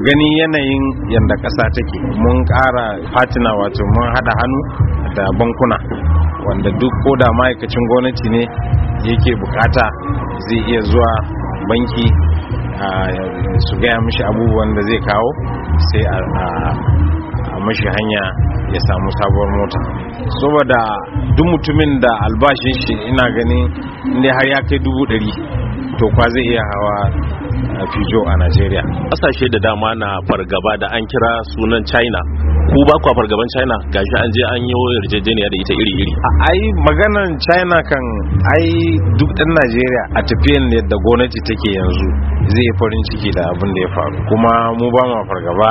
gani yanayin yadda ƙasa take mun ƙara fatina wato mun haɗa hannu da bankuna wanda duk ko da ma'aikacin gwamnati ne yake bukata zai iya zuwa banki su gaya mishi abubuwan da zai kawo sai a mashi hanya ya samu sabuwar mota saboda duk mutumin da albashin shi ina ganin inda har ya kai dubu ɗari to kwa zai iya hawa eh, a fijo a Najeriya. Ƙasashe da dama na fargaba da an kira sunan China. Ku ba kwa fargaban China gashi an je an yi yarjejeniya da ita iri-iri. Ai maganan China kan ai duk ɗan Najeriya a tafiyan yadda gwamnati take yanzu zai farin ciki da abin da ya faru. Kuma mu ba ma fargaba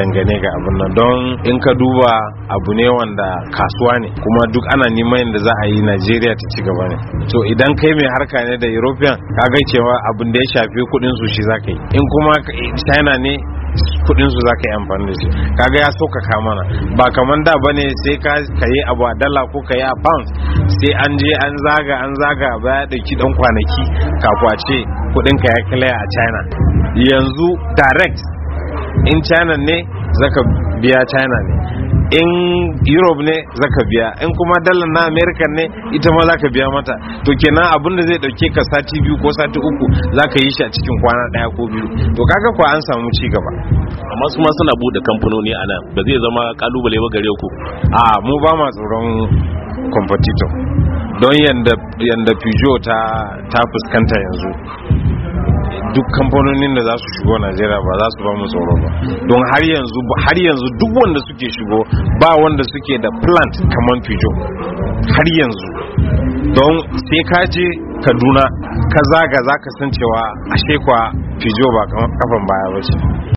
dangane ga abin nan don in ka duba abu ne wanda kasuwa ne kuma duk ana neman yadda za a yi najeriya ta ci gaba ne to idan kai mai harka ne da european ka ga cewa abin da ya shafi kudin su shi za yi in kuma china ne kudin su zaka yi amfani da shi kaga ya sauƙaƙa mana ba kaman da bane sai ka kayi abu a dala ko kayi a pound sai an je an zaga an zaga ba ya dauki dan kwanaki kafin a ce kudin ka ya a china yanzu direct in china ne zaka biya china ne in europe ne zaka biya in kuma dalar na america ne ita ma zaka biya mata to kenan abin da zai dauke ka sati biyu ko sati uku zaka yi shi a cikin kwana daya ko biyu to kaga kwa an samu ci gaba amma su ma suna bude kamfanoni a nan ba zai zama kalubale ba gare ku a mu ba ma tsoron competitor don yanda yanda Peugeot ta ta fuskanta yanzu duk kamfanonin da za su shigo najeriya ba za su ba mu tsoro ba don har yanzu har yanzu duk wanda suke shigo ba wanda suke da plant kamar fijo har yanzu don sai ka je kaduna ka zaga za ka san cewa ashe kwa fijo ba kafan baya ba ce